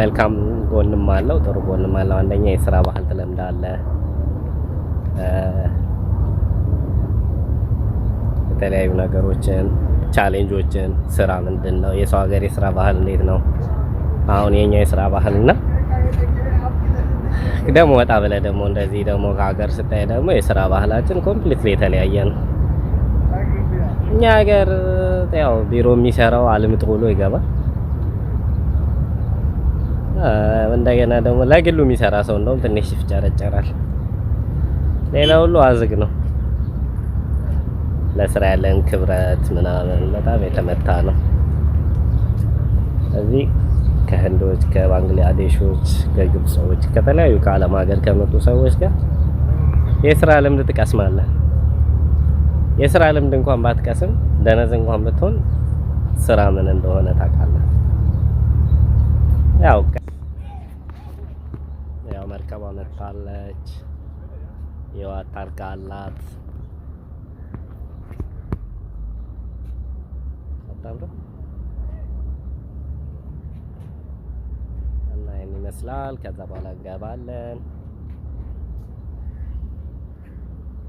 መልካም ጎንም አለው፣ ጥሩ ጎንም አለው። አንደኛ የስራ ባህል ትለምዳለህ። የተለያዩ ነገሮችን፣ ቻሌንጆችን ስራ ምንድን ነው፣ የሰው ሀገር የስራ ባህል እንዴት ነው አሁን የኛ የስራ ባህል እና ደግሞ ወጣ ብለህ ደግሞ እንደዚህ ደግሞ ከሀገር ስታይ ደግሞ የስራ ባህላችን ኮምፕሊትሊ የተለያየ ነው። እኛ ሀገር ያው ቢሮ የሚሰራው አልምጥ ብሎ ይገባል እንደገና ደግሞ ለግሉ የሚሰራ ሰው እንደውም ትንሽ ይፍጨረጨራል። ሌላ ሁሉ አዝግ ነው። ለስራ ያለን ክብረት ምናምን በጣም የተመታ ነው። እዚህ ከህንዶች፣ ከባንግላዴሾች፣ ከግብጾች ከተለያዩ ከዓለም ሀገር ከመጡ ሰዎች ጋር የስራ ልምድ ትቀስማለህ። የስራ ልምድ እንኳን ባትቀስም ደነዝ እንኳን ብትሆን ስራ ምን እንደሆነ ታውቃለህ። Yeah ok. Ja, merkava me palec. Jo, atarka alat. Atando? Allah, eni meslal, kaza bala gabalen.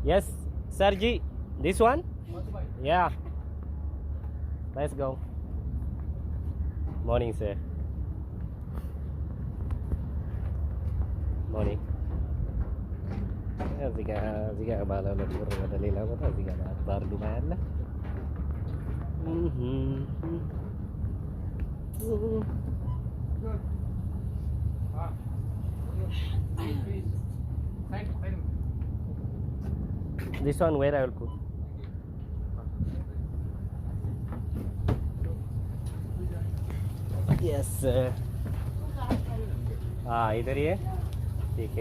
Yes, Sergi, this one? Yeah. Let's go. Morning, sir. morning. እዚህ ጋር ባለ ሁለት ብር ወደ ሌላ ቦታ እዚህ ጋር ማለት ባህር ዱባይ አለ። This one where I will put? Yes. Sir. Ah, इधर ये Ah,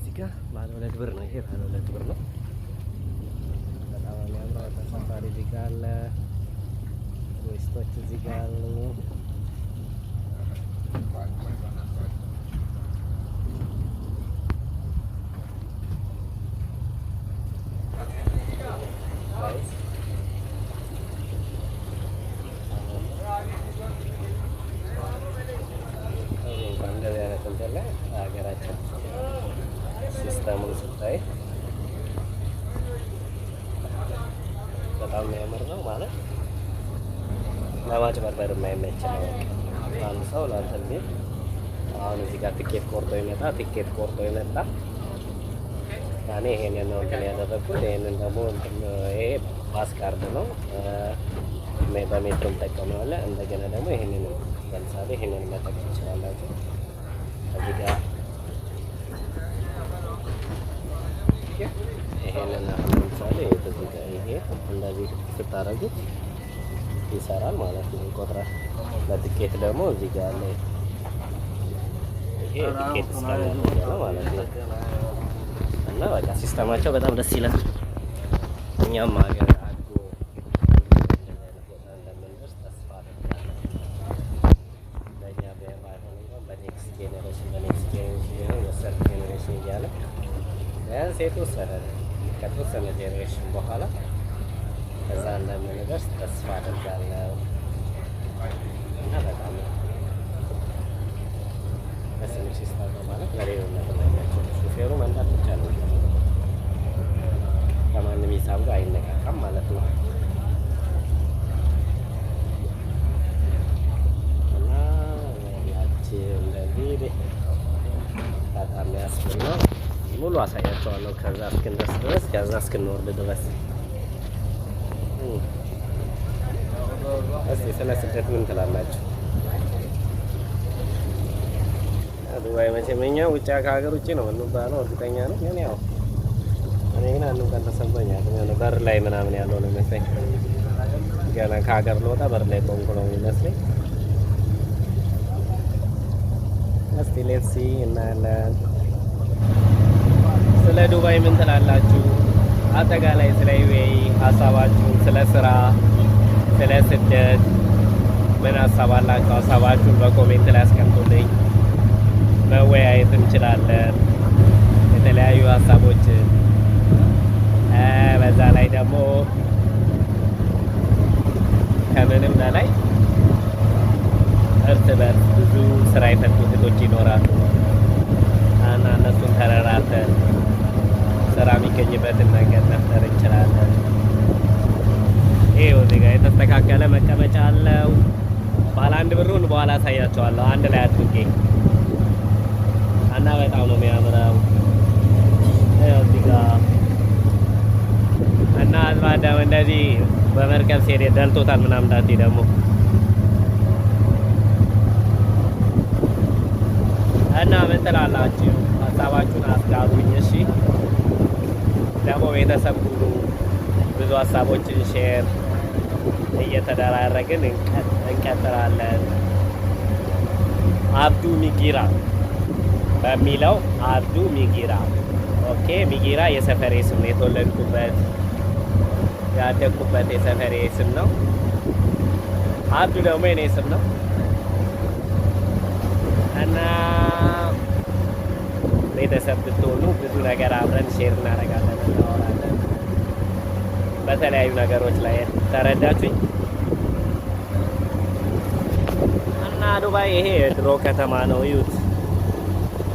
sedikit baru lihat baru lihat berenang kita tahu nih apa kita safari di kala wisata di kala ባጭበርበር የማይመች ነው። አንድ ሰው ለአንተ እንዴት አሁን እዚህ ጋር ትኬት ቆርጦ ይመጣ ትኬት ቆርጦ ይመጣ። ያኔ ይሄንን ነው እንትን ያደረግኩት። ይሄንን ደግሞ ይሄ ባስ ካርድ ነው በሜትሮ እንጠቀመዋለን። እንደገና ደግሞ ይሄንን ለምሳሌ ይሄንን መጠቀም ትችላላችሁ እዚህ ጋር ይሄንን ለምሳሌ ይሄ እንደዚህ ስታደርጉት kisaran malah di kota nanti kita udah mau juga nih kita sekarang di malah di karena wajah sistem aja kita udah silat nyaman ya banyak banyak generasi banyak generasi yang besar generasi jalan dan saya tuh sadar kita tuh sama generasi እዛ እንደምንደርስ ተስፋ አደርጋለሁ እና በጣም በስንሽ ስታቶ ማለት ለሌሎነት ናቸው። ሹፌሩ መንዳት ብቻ ነው፣ ከማንም ሂሳብ ጋር አይነቃቃም ማለት ነው። በጣም ያስብል ነው። ሙሉ አሳያቸዋለሁ ከዛ እስክንደርስ ድረስ ከዛ እስክንወርድ ድረስ እስቲ ስለ ስደት ምን ትላላችሁ? ዱባይ መቼም እኛ ውጭ ከሀገር ውጭ ነው እንባለው እርግጠኛ ነው። ግን ያው እኔ ግን አንድ ቀን ተሰምቶኛል የሆነ በር ላይ ምናምን ያለው ነው የሚመስለኝ። ገና ከሀገር ልወጣ በር ላይ ቆንኩ ነው የሚመስለኝ። እስቲ ሌትሲ እናያለን። ስለ ዱባይ ምን ትላላችሁ? አጠቃላይ ስለ ዩኤኢ ሀሳባችሁን፣ ስለ ስራ፣ ስለ ስደት ምን ሀሳብ አላችሁ? ሀሳባችሁን በኮሜንት ላይ አስቀምጡልኝ፣ መወያየት እንችላለን። የተለያዩ ሀሳቦችን በዛ ላይ ደግሞ ከምንም በላይ እርስ በርስ ብዙ ስራ የፈቱ እህቶች ይኖራሉ እና እነሱን ተረራተን ስራ የሚገኝበትን መንገድ መፍጠር እንችላለን። ይሄው እዚህ የተስተካከለ መቀመጫ አለው። ባለ አንድ ብሩን በኋላ አሳያቸዋለሁ አንድ ላይ አድርጌ እና በጣም ነው የሚያምረው። እዚህ ጋር እና አዝማዳም እንደዚህ በመርከብ ሲሄድ ደልቶታል ምናምን ዳቴ ደግሞ እና ምን ትላላችሁ? ሀሳባችሁን አስጋሩኝ እሺ። ደግሞ ቤተሰብ ሁሉ ብዙ ሀሳቦችን ሼር እየተደራረግን እንቀጥላለን። አብዱ ሚጊራ በሚለው አብዱ ሚጊራ ኦኬ። ሚጊራ የሰፈሬ ስም ነው። የተወለድኩበት ያደግኩበት የሰፈሬ ስም ነው። አብዱ ደግሞ የኔ ስም ነው። ቤተሰብ ብትሆኑ ብዙ ነገር አብረን ሼር እናደርጋለን፣ እናወራለን በተለያዩ ነገሮች ላይ ተረዳችኝ። እና ዱባይ ይሄ የድሮ ከተማ ነው። እዩት።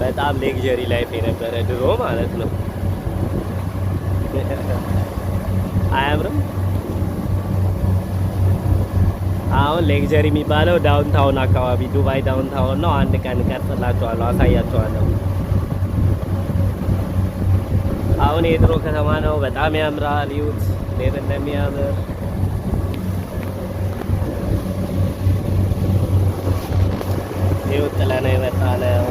በጣም ሌግጀሪ ላይፍ የነበረ ድሮ ማለት ነው። አያምርም? አሁን ሌግጀሪ የሚባለው ዳውንታውን አካባቢ ዱባይ ዳውንታውን ነው። አንድ ቀን ቀርጽላችኋለሁ፣ አሳያችኋለሁ። አሁን የድሮ ከተማ ነው። በጣም ያምራል። ይዩት እንዴት እንደሚያምር ይዩት። ጥለነው የመጣ ነው።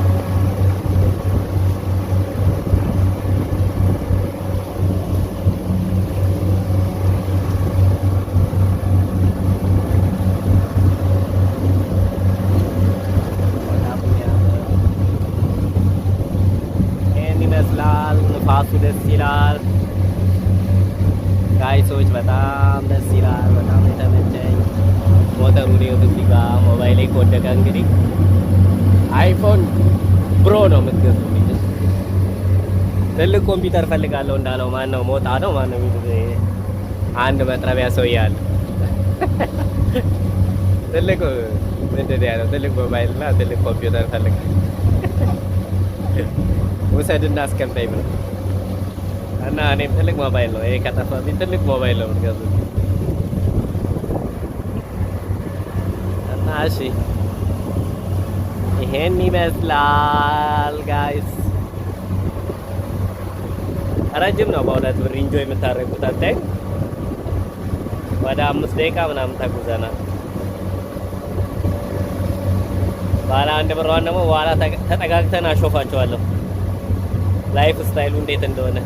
ይመስላል። ንፋሱ ደስ ይላል። ጋይሶች በጣም ደስ ይላል። በጣም የተመቸኝ ሞተሩ ነው። እዚህ ጋር ላይ ከወደቀ እንግዲህ አይፎን ብሮ ነው የምትገዙ። ትልቅ ኮምፒውተር ፈልጋለሁ እንዳለው ማን ነው ሞጣ ነው ማን ነው አንድ መጥረቢያ ሰው ያለ ትልቅ ምንድን ያለው ትልቅ ሞባይልና ትልቅ ኮምፒውተር ፈልጋለሁ ውሰድና አስቀምጠኝ ብለው እና እኔም ትልቅ ሞባይል ነው ይሄ ከጠፋብኝ ትልቅ ሞባይል ነው የምትገዙት። እና እሺ ይሄን ይመስላል ጋይስ። ረጅም ነው በሁለት ብር እንጆ የምታደርጉት አታይ ወደ አምስት ደቂቃ ምናምን ተጉዘናል። ባለ አንድ ብሯን ደግሞ በኋላ ተጠጋግተን አሾፋቸዋለሁ። ላይፍ ስታይሉ እንዴት እንደሆነ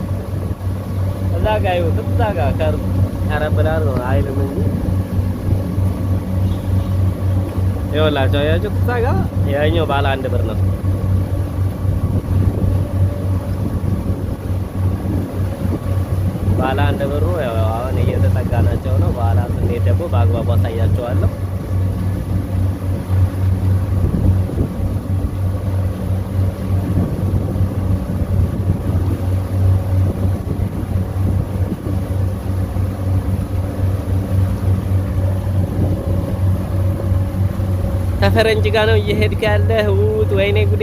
እዛ ጋር ይሁን እዛ ጋር ከር ያረብላል ነው አይልም እንጂ ይኸውላችሁ አያችሁ እዛ ጋ ያኛው ባለ አንድ ብር ነው። ባለ አንድ ብሩ ያው አሁን እየተጠጋናቸው ነው። በኋላ ስንሄድ ደግሞ በአግባቡ አሳያቸዋለሁ። ከፈረንጅ ጋር ነው እየሄድክ ያለህ። ውት ወይኔ ጉዴ!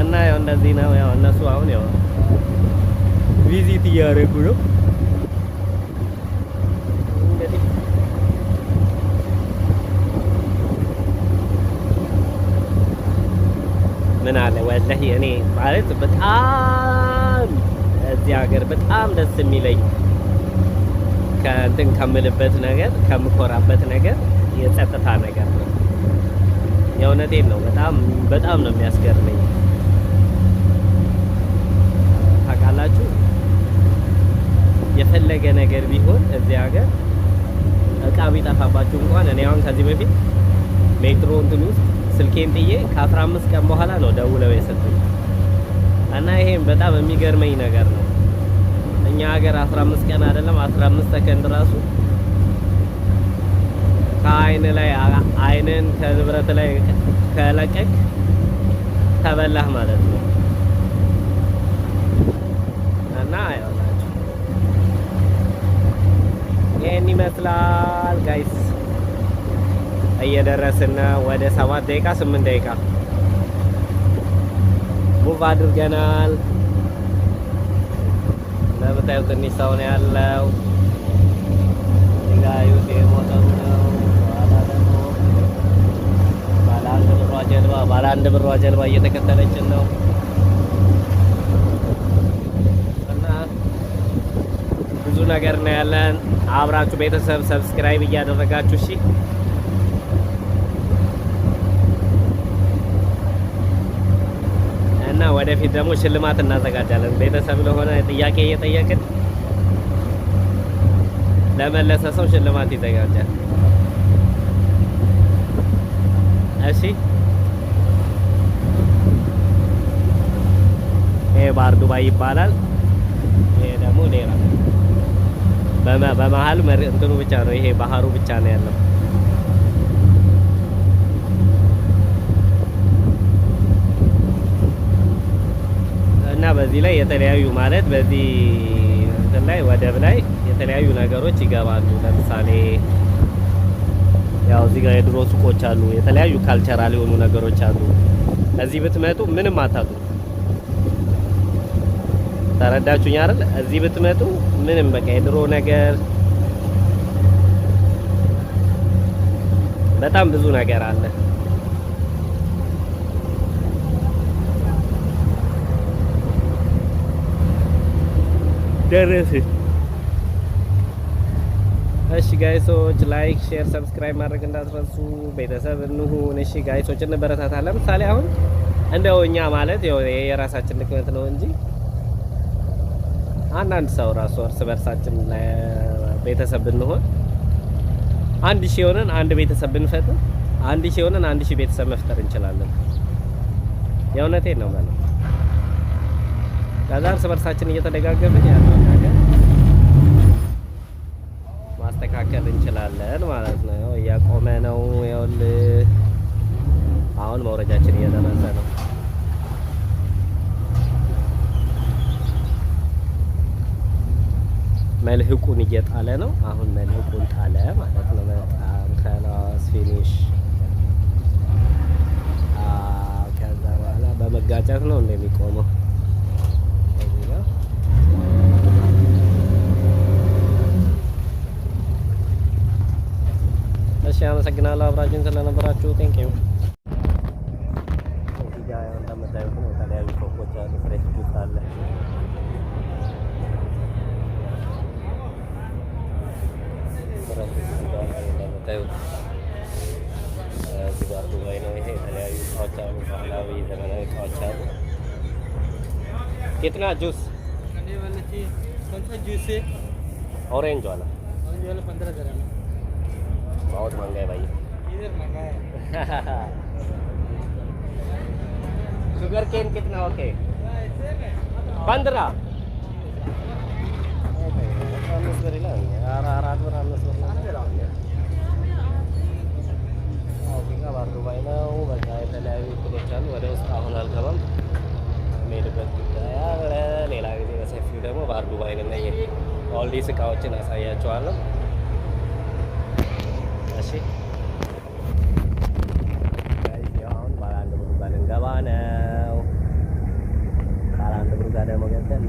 እና ያው እንደዚህ ነው። ያው እነሱ አሁን ያው ቪዚት እያደረጉ ነው። ምን አለ ወላሂ እኔ ማለት በጣም በዚህ ሀገር በጣም ደስ የሚለኝ ከእንትን ከምልበት ነገር ከምኮራበት ነገር የጸጥታ ነገር ነው። የእውነቴን ነው። በጣም በጣም ነው የሚያስገርመኝ። ታውቃላችሁ የፈለገ ነገር ቢሆን እዚህ ሀገር እቃ ቢጠፋባችሁ እንኳን እኔ አሁን ከዚህ በፊት ሜትሮ እንትን ውስጥ ስልኬን ጥዬ ከአስራ አምስት ቀን በኋላ ነው ደውለው የሰጡኝ እና ይሄም በጣም የሚገርመኝ ነገር ነው። እኛ ሀገር 15 ቀን አይደለም 15 ሰከንድ ራሱ ከአይን ላይ አይንን ከንብረት ላይ ከለቀቅ ተበላህ ማለት ነው እና አይወላችሁ ይህን ይመስላል ጋይስ። እየደረስን ወደ 7 ደቂቃ 8 ደቂቃ ሙቭ አድርገናል። እንደምታዩት ትንሽ ሰው ነው ያለው። ጋዩት የሞተው ነው። ባለአንድ ብሯ ጀልባ ባለአንድ ብሯ ጀልባ እየተከተለችን ነው እና ብዙ ነገር ነው ያለን። አብራችሁ ቤተሰብ ሰብስክራይብ እያደረጋችሁ እሺ እና ወደፊት ደግሞ ሽልማት እናዘጋጃለን። ቤተሰብ ለሆነ ጥያቄ እየጠየቅን ለመለሰ ሰው ሽልማት ይዘጋጃል። እሺ ይሄ ባር ዱባይ ይባላል። ይሄ ደግሞ ሌላ በመሀል እንትኑ ብቻ ነው። ይሄ ባህሩ ብቻ ነው ያለው። እና በዚህ ላይ የተለያዩ ማለት በዚህ እንትን ላይ ወደብ ላይ የተለያዩ ነገሮች ይገባሉ። ለምሳሌ ያው እዚህ ጋር የድሮ ሱቆች አሉ፣ የተለያዩ ካልቸራል የሆኑ ነገሮች አሉ። እዚህ ብትመጡ ምንም አታጡ። ተረዳችሁኝ አይደል? እዚህ ብትመጡ ምንም በቃ የድሮ ነገር በጣም ብዙ ነገር አለ። ደረስን። እሺ ጋይሶች ላይክ፣ ሼር፣ ሰብስክራይብ ማድረግ እንዳትረሱ። ቤተሰብ እንሁን። እሺ ጋይሶች እንበረታታ። ለምሳሌ አሁን እንደው እኛ ማለት የራሳችን ድክመት ነው እንጂ አንዳንድ ሰው ራሱ እርስ በርሳችን ቤተሰብ ብንሆን አንድ ሺህ ሆነን አንድ ቤተሰብ ብንፈጥር አንድ ሺህ ሆነን አንድ ሺህ ቤተሰብ መፍጠር እንችላለን። የእውነቴን ነው ማለት ከዛ እርስ በርሳችን እየተደጋገፍን ያለው ማስተካከል እንችላለን ማለት ነው። እያቆመ ነው። ይኸውልህ አሁን መውረጃችን እየደረሰ ነው። መልህቁን እየጣለ ነው። አሁን መልህቁን ጣለ ማለት ነው። በጣም ከላስ ፊኒሽ። ከዛ በኋላ በመጋጨት ነው እንደሚቆመው yang ya amasaginala abrajin sa lana baracho thank you कितना juice खाने वाला चाहिए कौन सा जूस है ऑरेंज वाला ऑरेंज वाला 15 बहुत महंगा है भाई इधर महंगा है शुगर केन कितना होते पंद्रह ባርዱባይነው በዛ የተለያዩ እቅዶች አሉ። እቃዎችን አሳያቸዋለሁ። እሺ አሁን ባለ ብሩ ጋር ልንገባ ነው። ባለ ብሩ ጋር ደግሞ ገብተን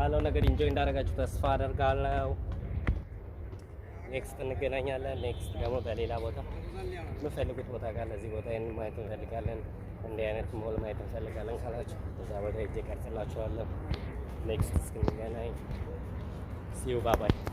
ባለው ነገር ኢንጆይ እንዳደረጋችሁ ተስፋ አደርጋለሁ። ኔክስት እንገናኛለን። ኔክስት ደግሞ በሌላ ቦታ የምፈልጉት ቦታ ጋር ለዚህ ቦታ ይህን ማየት እንፈልጋለን፣ እንዲህ አይነት ሞል ማየት እንፈልጋለን ካላችሁ እዛ ቦታ ሄጄ ቀርጽላችኋለሁ። ኔክስት እስክንገናኝ ሲዩ ባባይ